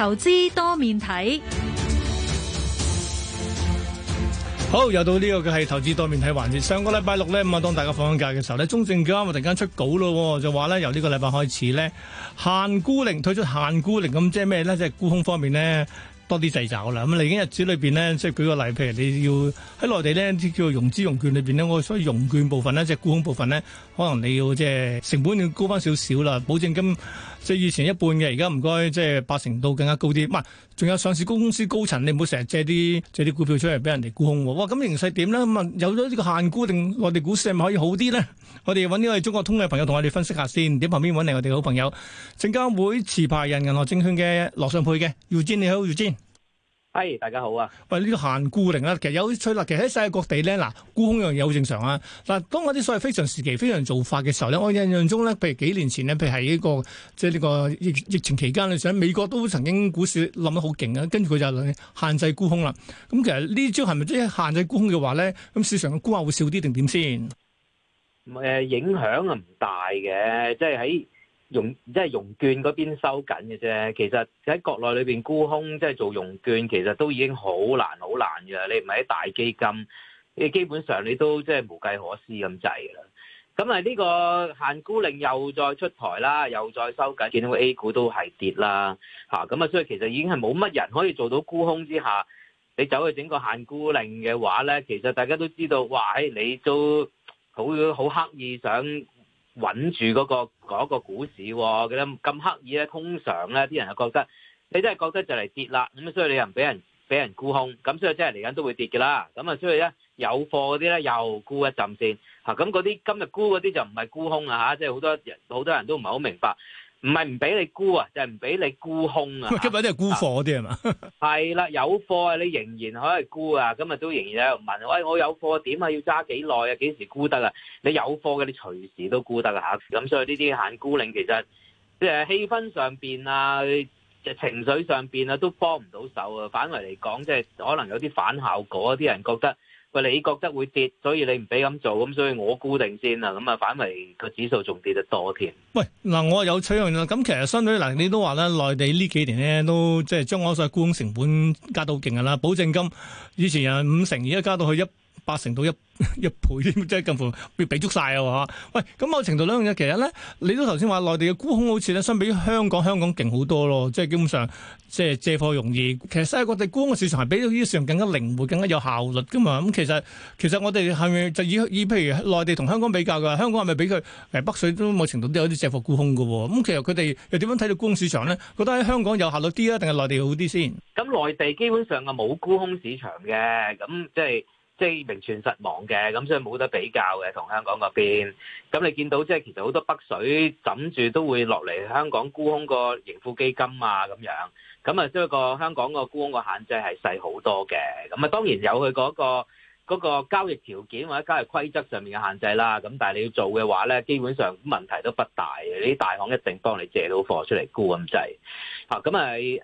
投資多面睇，好，又到呢個嘅係投資多面睇環節。上個禮拜六咧，咁啊當大家放緊假嘅時候咧，中證監突然間出稿咯，就話咧，由呢個禮拜開始咧，限沽令，推出限沽令，咁即係咩咧？即係沽空方面咧。多啲製找啦，咁嚟緊日子裏邊呢，即係舉個例，譬如你要喺內地呢，啲叫做融資融券裏邊呢。我所以融券部分呢，即係沽空部分呢，可能你要即係成本要高翻少少啦，保證金即係以前一半嘅，而家唔該即係八成度更加高啲。唔係，仲有上市公司高層，你唔好成日借啲借啲股票出嚟俾人哋沽空喎。哇，咁形勢呢點？呢？咁啊，有咗呢個限沽令我哋股市係咪可以好啲呢？我哋揾呢位中國通嘅朋友同我哋分析下先。點旁邊揾嚟我哋好朋友，證監會持牌人銀河證券嘅落上佩嘅 r u 你好 r u 係，Hi, 大家好啊！喂，呢個限沽令啦，其實有趣啦，其實喺世界各地咧，嗱沽空又又好正常啊。嗱，當嗰啲所謂非常時期，非常做法嘅時候咧，我印象中咧，譬如幾年前咧，譬如喺呢，這個即係呢個疫疫情期間咧，想美國都曾經股市冧得好勁啊，跟住佢就限制沽空啦。咁其實呢招係咪即係限制沽空嘅話咧，咁市場嘅沽壓會少啲定點先？誒、呃，影響啊唔大嘅，即係喺。融即係、就是、融券嗰邊收緊嘅啫，其實喺國內裏邊沽空即係、就是、做融券，其實都已經好難好難嘅啦。你唔係喺大基金，基本上你都即係無計可施咁滯啦。咁啊呢個限沽令又再出台啦，又再收緊，見到個 A 股都係跌啦，嚇咁啊！所以其實已經係冇乜人可以做到沽空之下，你走去整個限沽令嘅話咧，其實大家都知道，哇！喺你都好好刻意想，穩住嗰個嗰個股市，咁咁刻意咧，通常咧啲人就覺得，你真係覺得就嚟跌啦，咁所以你又唔俾人俾人沽空，咁所以真係嚟緊都會跌嘅啦，咁啊所以咧有貨嗰啲咧又沽一陣先嚇，咁嗰啲今日沽嗰啲就唔係沽空啊嚇，即係好多好多人都唔係好明白。唔係唔俾你沽啊，就係唔俾你沽空啊。今日啲係沽貨啲係嘛？係啦，有貨啊，你仍然可以沽啊。咁啊，都仍然喺度問喂，我有貨點啊？要揸幾耐啊？幾時沽得啊？你有貨嘅，你隨時都沽得啊。吓、啊。咁所以呢啲限沽令，其實誒氣、啊、氛上面啊。情緒上邊啊，都幫唔到手啊。反為嚟講，即係可能有啲反效果。啲人覺得，喂，你覺得會跌，所以你唔俾咁做，咁所以我沽定先啊。咁啊，反為個指數仲跌得多添。喂，嗱、呃，我有取用啦。咁其實相對，嗱，你都話咧，內地呢幾年咧都即係將我哋僱用成本加到勁噶啦，保證金以前係五成，而家加到去一。八成到一一倍，即真係近乎俾俾足晒啊。吓，喂，咁某程度兩樣嘢。其實咧，你都頭先話內地嘅沽空好似咧，相比香港，香港勁好多咯，即係基本上即係借貨容易。其實世界各地沽空市場係比到呢啲市場更加靈活、更加有效率噶嘛。咁其實其實我哋係咪就以以譬如內地同香港比較噶？香港係咪俾佢誒北水都某程度都有啲借貨沽空噶？咁其實佢哋又點樣睇到沽空市場咧？覺得喺香港有效率啲啊，定係內地好啲先？咁內地基本上啊冇沽空市場嘅，咁即係。即係名存實亡嘅，咁所以冇得比較嘅同香港嗰邊。咁你見到即係其實好多北水枕住都會落嚟香港沽空個盈富基金啊，咁樣。咁啊，即係個香港個沽空個限制係細好多嘅。咁啊，當然有佢嗰、嗰個嗰個交易條件或者交易規則上面嘅限制啦。咁但係你要做嘅話咧，基本上問題都不大。啲大行一定幫你借到貨出嚟沽咁滯。嚇、就是，咁、呃、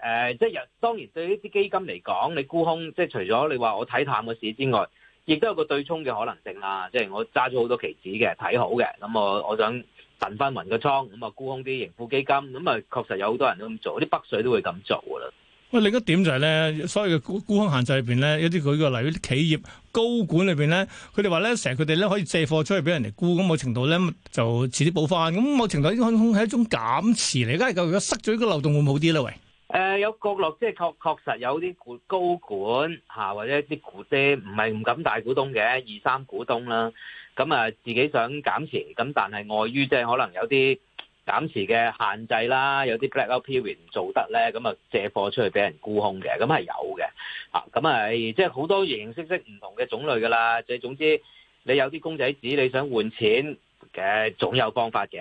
啊，誒，即係日當然對呢啲基金嚟講，你沽空即係、就是、除咗你話我睇淡個市之外。亦都有個對沖嘅可能性啦，即係我揸咗好多期指嘅，睇好嘅，咁我我想震翻暈個倉，咁啊沽空啲盈富基金，咁啊確實有好多人都咁做，啲北水都會咁做㗎啦。喂，另一點就係咧，所謂嘅沽沽空限制裏邊咧，一啲佢個例如啲企業高管裏邊咧，佢哋話咧，成日佢哋咧可以借貨出去俾人哋沽，咁某程度咧就遲啲補翻，咁某程度已經係一種減持嚟，家係究竟而家塞咗呢個漏洞會唔會好啲咧？喂！誒，有角落，即係確確實有啲高管吓，或者啲股姐唔係唔敢大股東嘅二三股東啦，咁啊自己想減持，咁但係礙於即係可能有啲減持嘅限制啦，有啲 Blackout period 唔做得咧，咁啊借貨出去俾人沽空嘅，咁係有嘅，啊，咁啊即係好多形形式式唔同嘅種類噶啦，即係總之你有啲公仔紙你想換錢嘅，總有方法嘅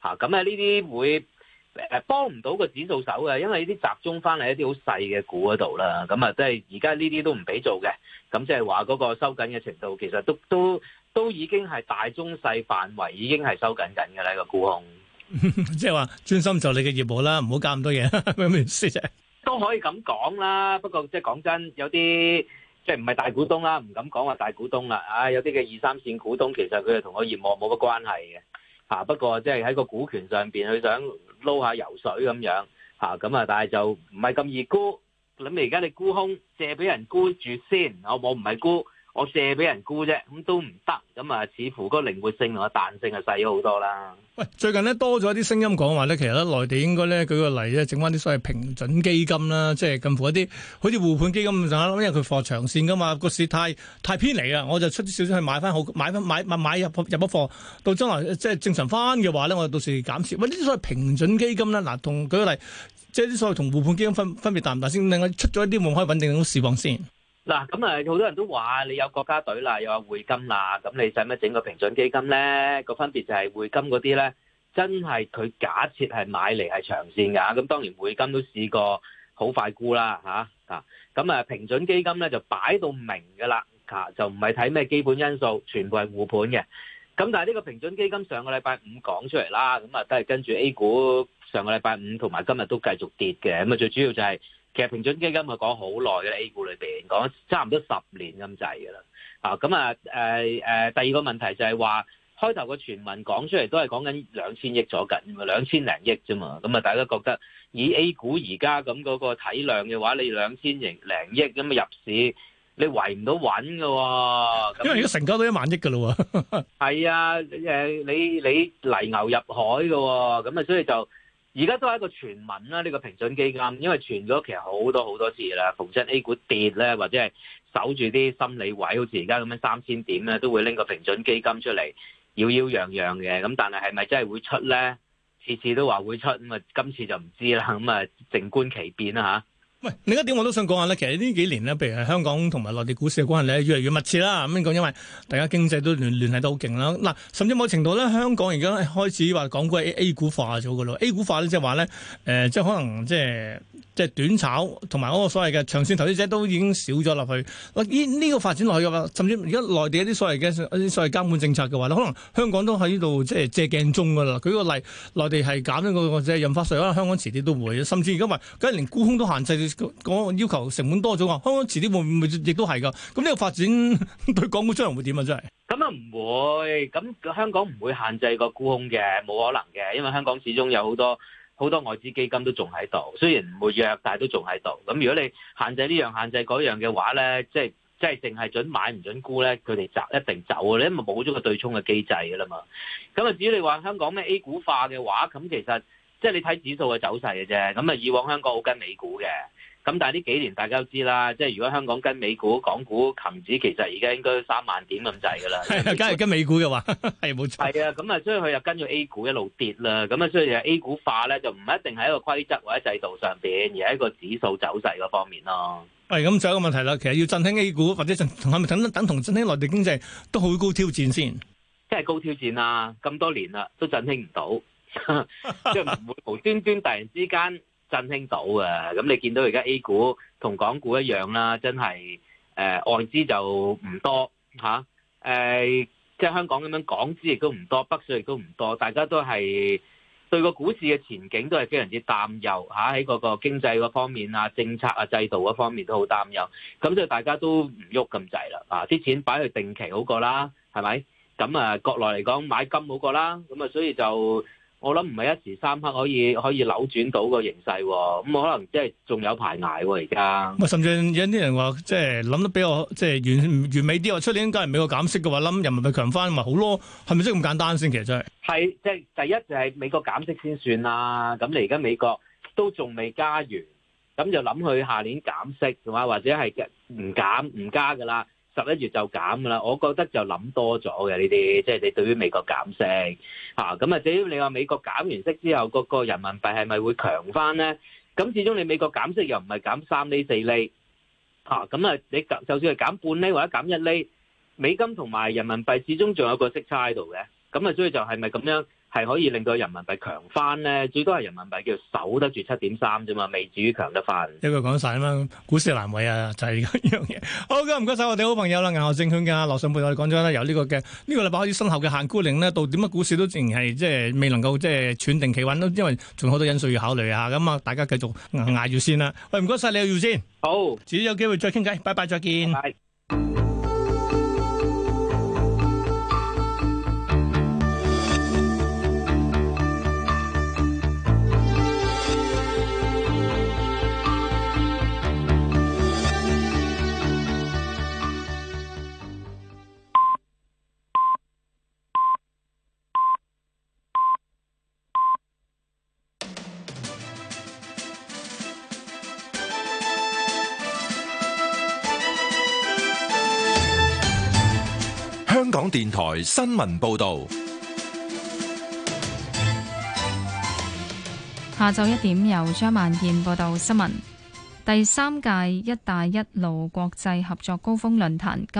吓，咁啊呢啲會。誒，幫唔到個指數手嘅，因為呢啲集中翻嚟一啲好細嘅股嗰度啦，咁啊，即係而家呢啲都唔俾做嘅，咁即係話嗰個收緊嘅程度，其實都都都已經係大中細範圍，已經係收緊緊嘅啦，個沽空，即係話專心做你嘅業務啦，唔好搞咁多嘢。唔好意思，謝都可以咁講啦，不過即係講真，有啲即係唔係大股東啦，唔敢講話大股東啦，啊，有啲嘅二三線股東，其實佢又同個業務冇乜關係嘅，吓。不過即係喺個股權上邊，佢想。撈下游水咁樣吓，咁啊，但係就唔係咁易沽。諗你而家你沽空，借俾人沽住先，好冇？唔係沽。我借俾人沽啫，咁都唔得，咁啊，似乎嗰個靈活性同個彈性係細咗好多啦。喂，最近呢，多咗一啲聲音講話咧，其實咧內地應該咧舉個例咧，整翻啲所謂平準基金啦，即係近乎一啲好似護盤基金咁上下，因為佢放長線噶嘛，個市太太偏離啦，我就出少少去買翻好，買翻買買，買入入一啲貨，到將來即係正常翻嘅話咧，我到時減少。喂，呢啲所謂平準基金咧，嗱，同舉個例，即係啲所謂同護盤基金分分別大唔大先，我先？另外出咗一啲，可唔可以穩定到市況先？嗱，咁啊，好多人都話你有國家隊啦，又話匯金啦，咁你使乜整個平準基金咧？個分別就係匯金嗰啲咧，真係佢假設係買嚟係長線㗎。咁當然匯金都試過好快沽啦嚇。啊，咁啊，平準基金咧就擺到明㗎啦，就唔係睇咩基本因素，全部係護盤嘅。咁但係呢個平準基金上個禮拜五講出嚟啦，咁啊都係跟住 A 股上個禮拜五同埋今日都繼續跌嘅。咁啊最主要就係。嘅平準基金咪講好耐嘅，A 股裏邊講差唔多十年咁滯嘅啦。啊、哦，咁啊，誒、呃、誒、呃，第二個問題就係話，開頭個傳聞講出嚟都係講緊兩千億左近，兩千零億啫嘛。咁啊，大家覺得以 A 股而家咁嗰個體量嘅話，你兩千零零億咁啊入市，你維唔到穩嘅、哦。因為如果成交到一萬億嘅咯喎。係 啊，誒，你你泥牛入海嘅喎、哦，咁啊，所以就。.而家都係一個傳聞啦，呢個平準基金，因為傳咗其實好多好多次啦。逢親 A 股跌咧，或者係守住啲心理位，好似而家咁樣三千點咧，都會拎個平準基金出嚟，妖妖揚揚嘅。咁但係係咪真係會出咧？次次都話會出，咁啊今次就唔知啦。咁啊靜觀其變啦嚇。喂，另一點我都想講下咧，其實呢幾年咧，譬如係香港同埋內地股市嘅關係越嚟越密切啦。咁講因為大家經濟都聯聯繫得好勁啦。嗱，甚至某程度咧，香港而家開始話港股 A, A 股化咗㗎咯。A 股化咧、呃，即係話咧，誒，即係可能即係。即係短炒同埋嗰個所謂嘅長線投資者都已經少咗落去。依、這、呢個發展落去嘅話，甚至而家內地一啲所謂嘅所謂監管政策嘅話，可能香港都喺呢度即係借鏡中㗎啦。舉個例，內地係減咗個即係印花稅，可能香港遲啲都會。甚至而家話，而家連沽空都限制，講要求成本多咗。香港遲啲會唔會亦都係㗎？咁呢個發展對港股將來會點啊？真係咁啊，唔會。咁香港唔會限制個沽空嘅，冇可能嘅，因為香港始終有好多。好多外資基金都仲喺度，雖然唔會弱，但係都仲喺度。咁如果你限制呢樣限制嗰樣嘅話咧，即係即係淨係準買唔準沽咧，佢哋集一定走嘅，你因為冇咗個對沖嘅機制㗎啦嘛。咁至於你話香港咩 A 股化嘅話，咁其實即係、就是、你睇指數嘅走勢嘅啫。咁啊，以往香港好跟美股嘅。咁但係呢幾年，大家都知啦，即係如果香港跟美股，港股，恒指，其實而家應該三萬點咁滯噶啦。而家梗係跟美股嘅話，係冇錯。係啊，咁啊，所以佢又跟住 A 股一路跌啦。咁啊，所以 A 股化咧，就唔一定係一個規則或者制度上邊，而係一個指數走勢嗰方面咯。係咁，仲有一個問題啦，其實要振興 A 股或者同係咪等等同振興內地經濟，都好高挑戰先。即係高挑戰啊！咁多年啦，都振興唔到，即係唔會無端端突然之間。振興到啊，咁你見到而家 A 股同港股一樣啦，真係誒外資就唔多吓，誒即係香港咁樣港資亦都唔多，北水亦都唔多，大家都係對個股市嘅前景都係非常之擔憂吓，喺嗰個經濟嗰方面啊、政策啊、制度嗰方面都好擔憂，咁所以大家都唔喐咁滯啦，啊啲錢擺去定期好過啦，係咪？咁啊國內嚟講買金好過啦，咁啊所以就。我諗唔係一時三刻可以可以扭轉到個形勢，啊，咁、嗯、可能即係仲有排挨喎而家，甚至有啲人話，即係諗得比較即係、就是、完完美啲，話出年假如美國減息嘅話，諗人民幣強翻咪好咯，係咪即係咁簡單先？其實真係係即係第一就係、是、美國減息先算啦。咁你而家美國都仲未加完，咁就諗佢下年減息，係嘛？或者係唔減唔加噶啦？十一月就減噶啦，我覺得就諗多咗嘅呢啲，即係你對於美國減息嚇，咁啊至於你話美國減完息之後，個個人民幣係咪會強翻咧？咁始終你美國減息又唔係減三厘四厘嚇，咁啊你就算係減半厘或者減一厘，美金同埋人民幣始終仲有個息差喺度嘅，咁啊所以就係咪咁樣？係可以令到人民幣強翻咧，最多係人民幣叫守得住七點三啫嘛，未至於強得翻。因個講晒嘛，股市難為啊，就係、是、呢樣嘢。好咁唔該晒我哋好朋友啦，銀河證券嘅羅信佩，我哋講咗啦，由呢、這個嘅呢、這個禮拜開始，身後嘅限沽令呢，到點乜股市都淨係即係未能夠即係喘定氣穩咯，因為仲有好多因素要考慮下。咁啊，大家繼續捱住先啦。喂，唔該晒你阿耀先，先好，遲啲有機會再傾偈，拜拜，再見。拜拜。香港電台新聞報道，下晝一點由張萬健報道新聞。第三屆“一帶一路”國際合作高峰論壇今。